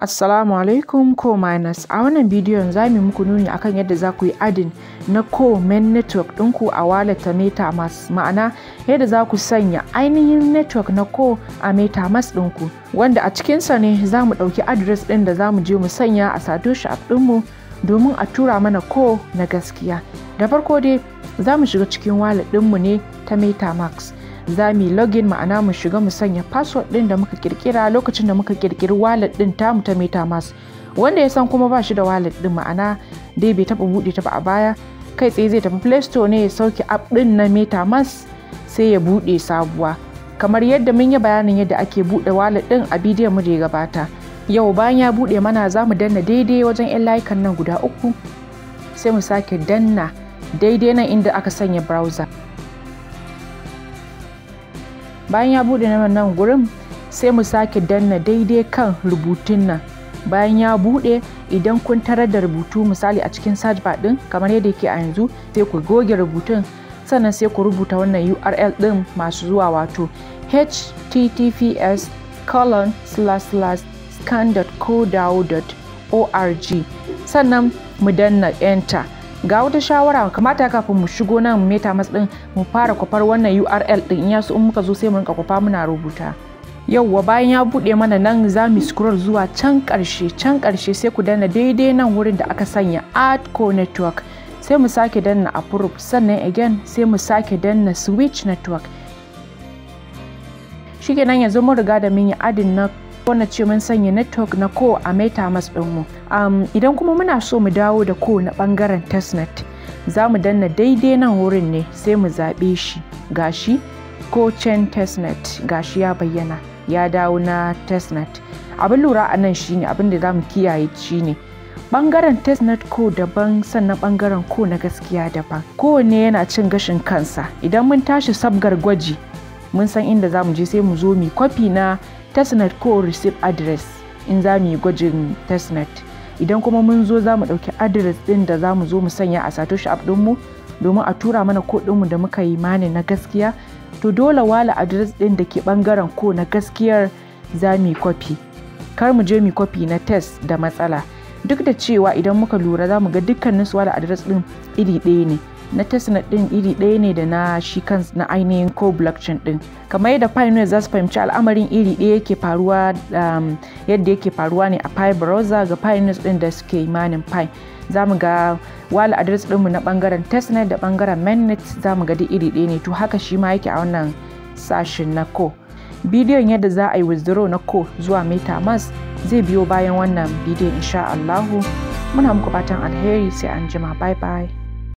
Assalamu alaikum ko minus a wannan bidiyon za mu muku nuni akan yadda za ku yi adin na ko main network ɗinku a wallet ta metamask ma'ana yadda za ku sanya ainihin network na ko a metamask ɗinku wanda a cikinsa ne za mu ɗauki adres ɗin da za mu je mu sanya a satoshi app ɗinmu domin a tura mana ko na gaskiya da farko dai za mu shiga cikin wallet ɗinmu ne ta metamask za mu yi login ma'ana mu shiga mu sanya password ɗin da muka kirkira lokacin da muka kirkiri wallet ɗin tamu ta metamask wanda ya san kuma ba shi da wallet ɗin ma'ana dai bai taba buɗe ta ba a baya kai tsaye zai tafi play store ne ya sauke app ɗin na metamask sai ya buɗe sabuwa kamar yadda mun yi bayanin yadda ake buɗe wallet ɗin a bidiyon mu da ya gabata yau bayan ya buɗe mana za mu danna daidai wajen 'yan layukan nan guda uku sai mu sake danna daidai nan inda aka sanya browser bayan ya buɗe nan gurin sai mu sake danna daidai kan rubutun nan bayan ya buɗe idan kun tarar da rubutu misali a cikin search bar ɗin kamar yadda yake a yanzu sai ku goge rubutun sannan sai ku rubuta wannan url ɗin masu zuwa wato https colon slash slash scan.co.org sannan mu danna enter ga wata shawara kamata kafin mu shigo nan meta mas mu fara kwafar wannan url din in yasu in muka zo sai mu rinka kwafa muna rubuta yauwa bayan ya buɗe mana nan za mu scroll zuwa can karshe can karshe sai ku danna daidai nan wurin da aka sanya adco network sai mu sake danna approve sannan again sai mu sake danna switch network nan yanzu mun riga da mun yi adin na wanda ce mun sanya network na ko a meta mas dinmu um, idan kuma muna so mu dawo da ko na bangaren testnet za mu danna daidai nan wurin ne sai mu zaɓe shi gashi ko chain testnet gashi ya bayyana ya dawo na testnet abin lura a nan shine abin da za mu kiyaye shine bangaren testnet ko daban sannan bangaren ko na gaskiya daban kowanne yana cin gashin kansa idan mun tashi sabgar gwaji mun san inda za mu je sai mu zo mu kwafi na testnet ko receive address in za mu yi gwajin testnet idan kuma mun zo za mu ɗauki adres ɗin da za mu zo mu sanya a satoshi app ɗinmu domin a tura mana ko ɗinmu da muka yi mani na gaskiya to dole wala adres ɗin da ke ɓangaren ko na gaskiyar za mu yi kwafi kar mu je mu kwafi na test da matsala duk da cewa idan muka lura za mu ga dukkanin su wala adres ɗin iri ɗaya ne na testnet din iri ɗaya ne da na shi kan na ainihin ko blockchain din kamar yadda pioneer za su fahimci al'amarin iri ɗaya yake faruwa um, yadda yake faruwa ne a pi browser ga pioneers din da suke imanin pi za mu ga wala adres dinmu na bangaren testnet da bangaren mainnet za mu ga duk iri ɗaya ne to haka shi ma yake a wannan sashen na ko bidiyon yadda za a yi withdraw na ko zuwa Meta metamask zai biyo bayan wannan bidiyon insha Allahu muna muku fatan alheri sai an jima bye bye